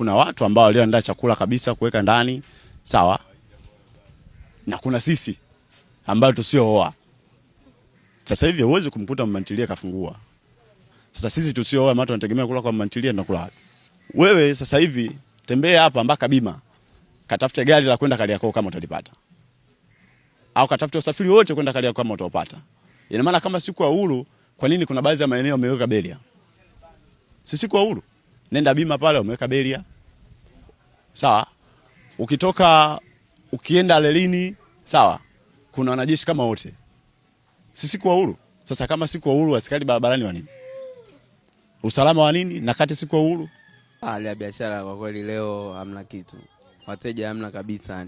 kuna watu ambao walioandaa chakula kabisa kuweka ndani, sawa, na kuna sisi ambao tusiooa. Sasa hivi huwezi kumkuta mmantilia kafungua. Sasa sisi tusiooa, maana tunategemea kula kwa mmantilia, tunakula wapi? Wewe sasa hivi tembea hapa mpaka Bima, katafute gari la kwenda Kariakoo kama utalipata, au katafute usafiri wote kwenda Kariakoo kama utaupata. Ina maana kama siku ya uhuru, kwa nini kuna baadhi ya maeneo yameweka belia? Si siku ya uhuru nenda bima pale umeweka beria sawa. Ukitoka ukienda lelini sawa, kuna wanajeshi kama wote, sisi kwa uhuru. Sasa kama siku wa uhuru, askari barabarani wa nini? Usalama wa nini? na kati siku wa uhuru. Hali ya biashara kwa kweli leo hamna kitu, wateja hamna kabisa.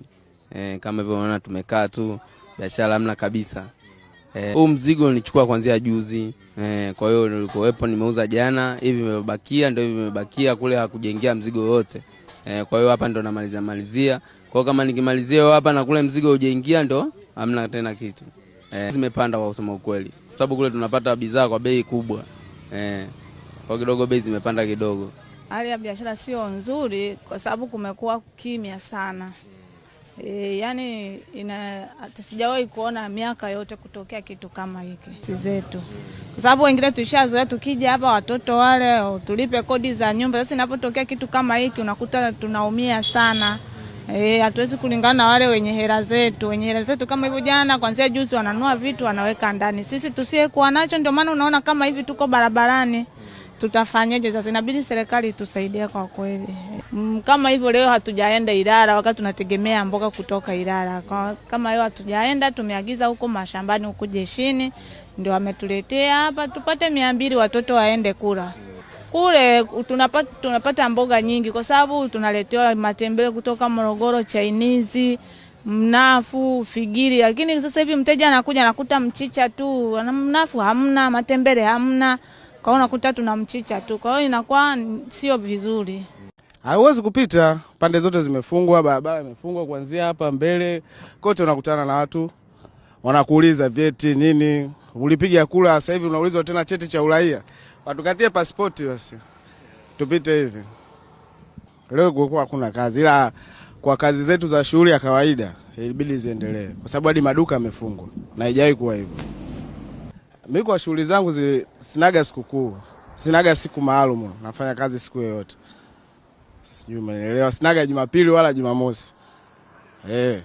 E, kama hivyo unaona tumekaa tu, biashara hamna kabisa. Eh, huu e, mzigo nilichukua kwanzia juzi e, kwa hiyo nilikowepo nimeuza jana, hivi vimebakia ndio hivi vimebakia, kule hakujengea mzigo yote e, eh, kwa hiyo hapa ndo namalizia malizia. Kwa hiyo kama nikimalizia hapa na kule mzigo ujengia ndo hamna tena kitu e, zimepanda kwa kusema ukweli, kwa sababu kule tunapata bidhaa kwa bei kubwa e, kwa kidogo bei zimepanda kidogo. Hali ya biashara sio nzuri kwa sababu kumekuwa kimya sana. E, yani ina tusijawahi kuona miaka yote kutokea kitu kama hiki si zetu, kwa sababu wengine tulishazoea tukija hapa watoto wale tulipe kodi za nyumba. Sasa inapotokea kitu kama hiki unakuta tunaumia sana. E, hatuwezi kulingana na wale wenye hela zetu. Wenye hela zetu kama hivyo, jana kwanzia juzi wananua vitu wanaweka ndani, sisi tusiyekuwa nacho. Ndio maana unaona kama hivi tuko barabarani tutafanyaje sasa? Inabidi serikali itusaidie kwa kweli. Mm, kama hivyo leo hatujaenda Ilala, wakati tunategemea mboga kutoka Ilala. kama leo hatujaenda, tumeagiza huko mashambani huko jeshini, ndio wametuletea hapa tupate mia mbili watoto waende kula kule tunapata, tunapata mboga nyingi kwa sababu tunaletewa matembele kutoka Morogoro, chainizi, mnafu, figiri. Lakini sasa hivi mteja anakuja anakuta mchicha tu, mnafu hamna, matembele hamna kwa hiyo unakuta tunamchicha tu, kwa hiyo inakuwa sio vizuri. Hauwezi kupita, pande zote zimefungwa, barabara imefungwa kuanzia hapa mbele kote, unakutana na watu wanakuuliza vyeti nini, ulipiga kura. Sasa hivi unaulizwa tena cheti cha uraia, watukatie pasipoti basi tupite hivi. Leo kulikuwa hakuna kazi, ila kwa kazi zetu za shughuli ya kawaida ilibidi ziendelee, kwa sababu hadi maduka yamefungwa na haijawahi kuwa hivyo. Mi kwa shughuli zangu sinaga sikukuu, sinaga siku maalum, nafanya kazi siku yoyote, sijui umeelewa. Sinaga Jumapili wala Jumamosi eh.